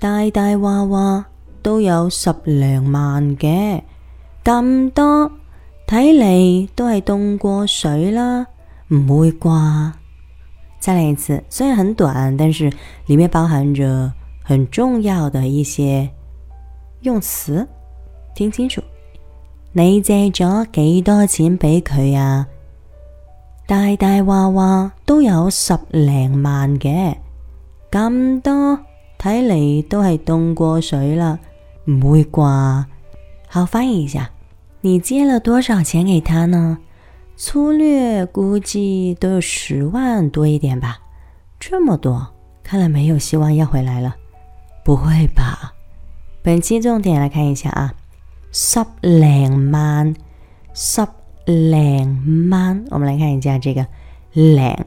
大大話話都有十零萬嘅。咁多，睇嚟都係凍過水啦，唔會啩？再嚟一次，雖然很短，但是裏面包含着很重要的一些用詞，聽清楚。你借咗幾多錢俾佢啊？大大話話都有十零萬嘅咁多。睇嚟都係凍過水啦，唔會啩？好，翻譯一下，你借了多少錢給他呢？粗略估計都有十萬多一點吧，這麼多，看來沒有希望要回來了。不會吧？本期重點來看一下啊，十零萬，十零萬，我們來看一下這個零。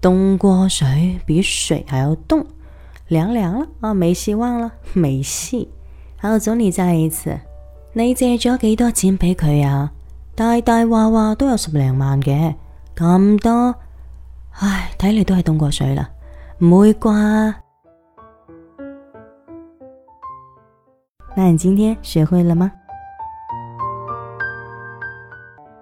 凍過水比水還要凍，涼涼了啊！沒希望了，沒戲。好，總理再來一次。你借咗幾多錢俾佢呀？大大話話都有十零萬嘅，咁多。唉，睇嚟都係凍過水啦，唔會啩、啊。那你今天學會了嗎？